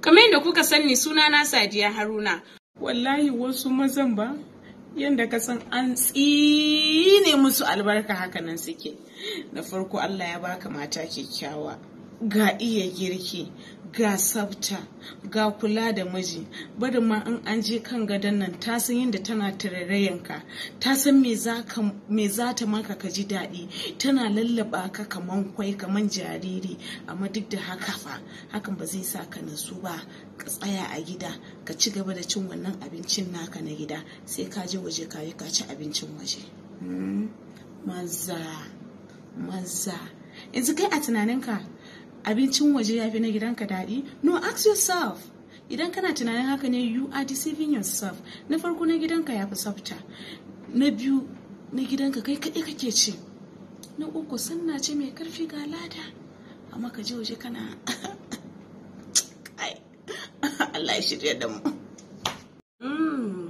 kamar yadda kuka sani suna na sadiya haruna wallahi wasu mazan ba yadda ka san an tsine musu albarka hakanan suke na farko allah ya baka mata kyakkyawa ga iya girki ga sabta ga kula da miji bari ma in an je kan gadon nan ta san yadda tana tarayyanka ta san me za ta maka ka ji daɗi tana lallaba ka kaman kwai kaman jariri amma duk da haka fa hakan ba zai sa ka nasu ba ka tsaya a gida ka ci gaba da cin wannan abincin naka na gida sai ka je waje ka yi ka ci abincin waje hmm? maza maza yanzu kai a tunaninka abincin waje ya fi na gidanka daɗi no ask yourself idan kana tunanin haka ne you are deceiving yourself na farko na gidanka ya fi tsafta na biyu na gidanka kai kaɗai kake ci na uku sanna ce mai karfi ga lada amma ka je waje kana Allah ya shirya da mu hmm.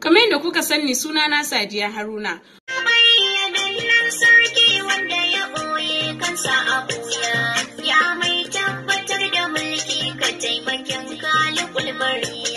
kamar yadda kuka sani sunana sadiya haruna sarki wanda da kulmari